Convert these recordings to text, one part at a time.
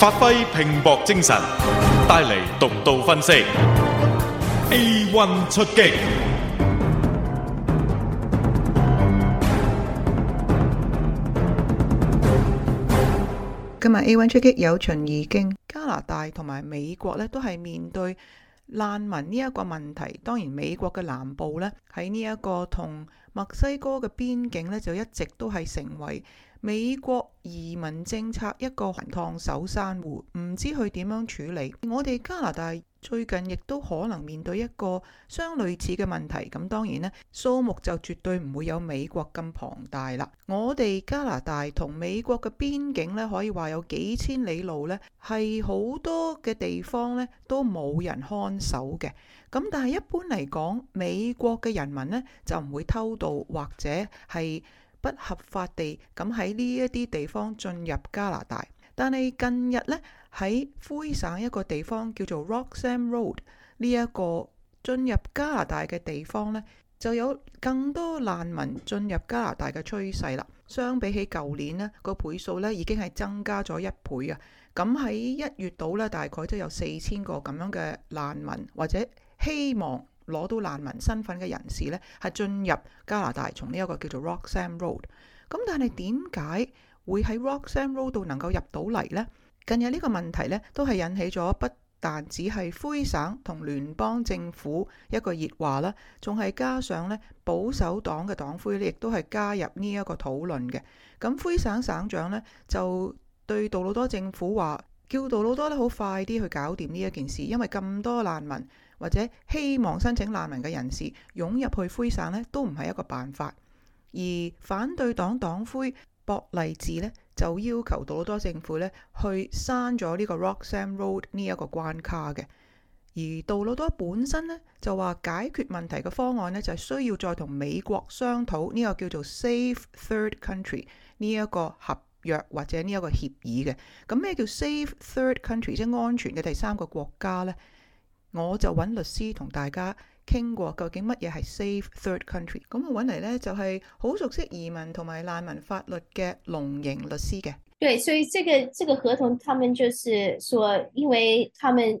發揮拼搏精神，帶嚟獨到分析。A one 出擊，今日 A one 出擊有巡而經加拿大同埋美國咧，都係面對難民呢一個問題。當然，美國嘅南部咧喺呢一個同墨西哥嘅邊境咧，就一直都係成為。美國移民政策一個燙手山芋，唔知佢點樣處理。我哋加拿大最近亦都可能面對一個相類似嘅問題。咁當然咧，數目就絕對唔會有美國咁龐大啦。我哋加拿大同美國嘅邊境呢，可以話有幾千里路呢，係好多嘅地方咧，都冇人看守嘅。咁但係一般嚟講，美國嘅人民呢就唔會偷渡或者係。不合法地咁喺呢一啲地方進入加拿大，但係近日呢，喺魁省一個地方叫做 Roxham Road 呢一個進入加拿大嘅地方呢，就有更多難民進入加拿大嘅趨勢啦。相比起舊年呢，個倍數呢已經係增加咗一倍啊！咁喺一月度呢，大概都有四千個咁樣嘅難民或者希望攞到難民身份嘅人士呢，係進入加拿大從呢一個叫做 Roxham Road。咁但係點解會喺 Roxham Road 度能夠入到嚟呢？近日呢個問題呢，都係引起咗不但只係魁省同聯邦政府一個熱話啦，仲係加上呢保守黨嘅黨魁呢，亦都係加入呢一個討論嘅。咁魁省，省省長呢，就對杜魯多政府話，叫杜魯多呢好快啲去搞掂呢一件事，因為咁多難民。或者希望申請難民嘅人士湧入去魁省呢都唔係一個辦法。而反對黨黨魁博利治呢就要求杜魯多政府呢去刪咗呢個 Roxham Road 呢一個關卡嘅。而杜魯多本身呢，就話解決問題嘅方案呢，就係、需要再同美國商討呢、呢個叫做 Safe Third Country 呢一個合約或者呢一個協議嘅。咁咩叫 Safe Third Country 即安全嘅第三個國家呢。我就揾律師同大家傾過，究竟乜嘢係 safe third country？咁我揾嚟咧就係、是、好熟悉移民同埋難民法律嘅龍營律師嘅。對，所以這個這個合同，他們就是說，因為他們誒誒、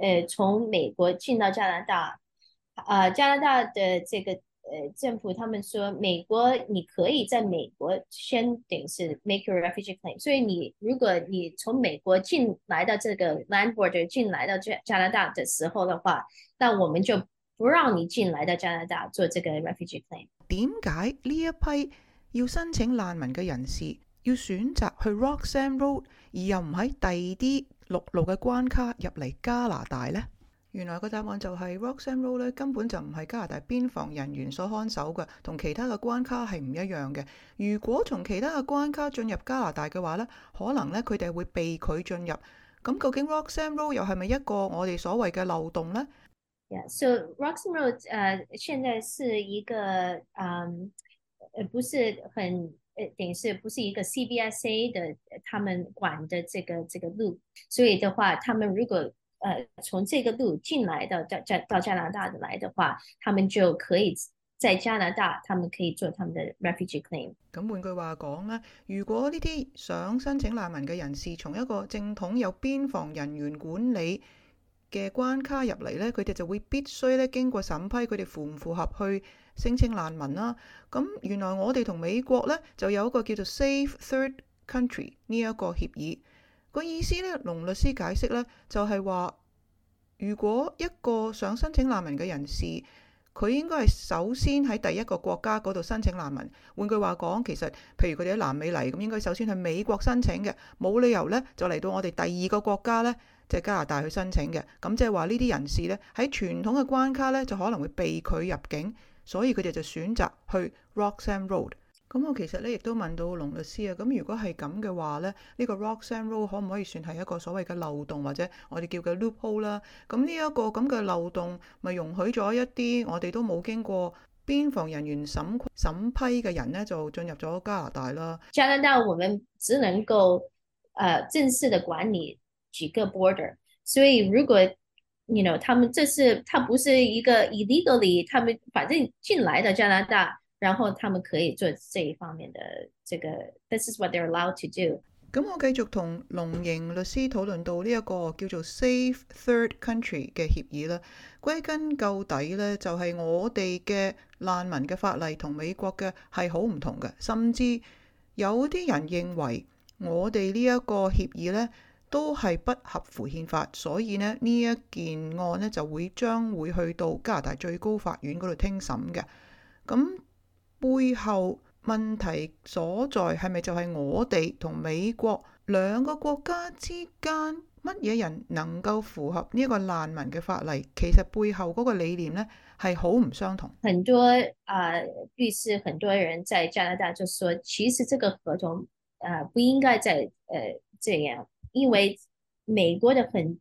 呃、從美國進到加拿大，啊加拿大的這個。政府，他們說美國你可以在美國先等，是 make your refugee claim。所以你如果你從美國進來到這個 land border 進來到加拿大的時候的話，那我們就不讓你進來到加拿大做這個 refugee claim。點解呢一批要申請難民嘅人士要選擇去 Roxham Road，而又唔喺第二啲陸路嘅關卡入嚟加拿大呢？原來個答案就係 Roxham Road 咧，根本就唔係加拿大邊防人員所看守嘅，同其他嘅關卡係唔一樣嘅。如果從其他嘅關卡進入加拿大嘅話咧，可能咧佢哋會被拒進入。咁究竟 Roxham Road 又係咪一個我哋所謂嘅漏洞咧？Yeah, so, Roxham Road 誒、uh,，現在是一個嗯，誒、um, 呃、不是很誒等於是不是一個 CBSA 嘅，他們管的這個這個路，所以的話，他們如果呃，從這個路進來到加加到加拿大的來的話，他們就可以在加拿大，他們可以做他們的 refugee claim。咁換句話講咧，如果呢啲想申請難民嘅人士從一個正統有邊防人員管理嘅關卡入嚟咧，佢哋就會必須咧經過審批，佢哋符唔符合去申請難民啦、啊。咁原來我哋同美國咧就有一個叫做 Safe Third Country 呢一個協議。個意思呢，龍律師解釋呢，就係話，如果一個想申請難民嘅人士，佢應該係首先喺第一個國家嗰度申請難民。換句話講，其實譬如佢哋喺南美嚟，咁應該首先去美國申請嘅，冇理由呢就嚟到我哋第二個國家呢，即係加拿大去申請嘅。咁即係話呢啲人士呢，喺傳統嘅關卡呢，就可能會被拒入境，所以佢哋就選擇去 Roxham Road。咁我其實咧，亦都問到龍律師啊。咁如果係咁嘅話咧，呢、這個 Roxham Road 可唔可以算係一個所謂嘅漏洞，或者我哋叫嘅 loop hole 啦？咁呢一個咁嘅漏洞許，咪容許咗一啲我哋都冇經過邊防人員審審批嘅人咧，就進入咗加拿大啦。加拿大，我們只能夠呃正式的管理幾個 border，所以如果你 you know 他們這是他不是一個 illegally，他們反正進來的加拿大。然後他們可以做這一方面的這個，this is what they're allowed to do。咁我繼續同龍盈律師討論到呢一個叫做 Safe Third Country 嘅協議啦。歸根究底呢，就係、是、我哋嘅難民嘅法例同美國嘅係好唔同嘅，甚至有啲人認為我哋呢一個協議呢都係不合乎憲法，所以呢，呢一件案呢就會將會去到加拿大最高法院嗰度聽審嘅，咁、嗯。背後問題所在係咪就係我哋同美國兩個國家之間乜嘢人能夠符合呢個難民嘅法例？其實背後嗰個理念呢係好唔相同。很多啊，律師、uh, 是很多人在加拿大就說，其實這個合同啊、uh, 不應該再誒這樣，因為美國的很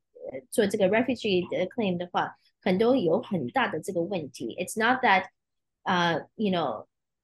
做這個 refugee 的 claim 的話，很多有很大的這個問題。It's not that 啊、uh,，you know。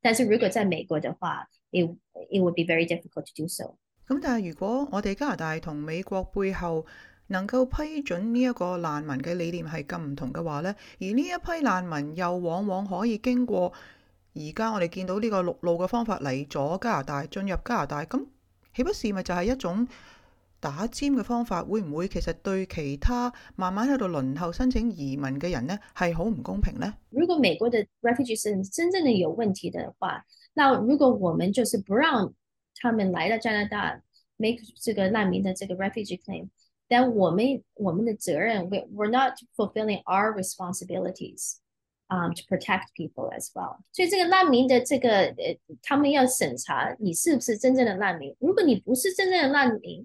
但是如果真係美國嘅話 it,it would be very difficult to do so。咁但係如果我哋加拿大同美國背後能夠批准呢一個難民嘅理念係咁唔同嘅話呢，而呢一批難民又往往可以經過而家我哋見到呢個陸路嘅方法嚟咗加拿大，進入加拿大，咁豈不是咪就係一種？打尖嘅方法會唔會其實對其他慢慢喺度輪候申請移民嘅人咧，係好唔公平咧？如果美國嘅 refugee 真正的有問題的話，那如果我們就是不讓他們來到加拿大 make 這個難民的這個 refugee claim，那我們我們的責任 we we're not fulfilling our responsibilities 啊，to protect people as well。所以這個難民的這個誒，他們要審查你是不是真正的難民。如果你不是真正的難民，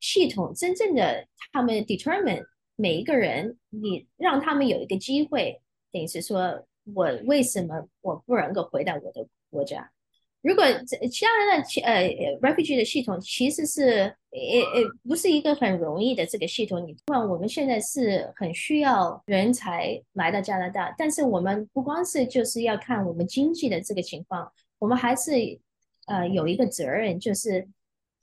系統真正的，他們 determine 每一個人，你讓他們有一個機會，等於是說，我為什麼我不能夠回到我的國家？如果加拿大的呃 refugee 的系統其實是誒誒不是一個很容易的這個系統。你不管我們現在是很需要人才來到加拿大，但是我們不光是就是要看我們經濟的這個情況，我們還是呃有一個責任，就是。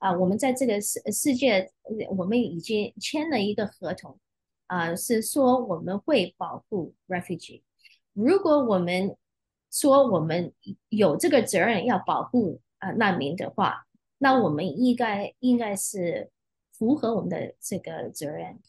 啊，我們在這個世世界，我們已經簽了一個合同，啊，是說我們會保護 refugee。如果我們說我們有這個責任要保護啊、呃、難民的話，那我們應該應該是符合我們的這個責任。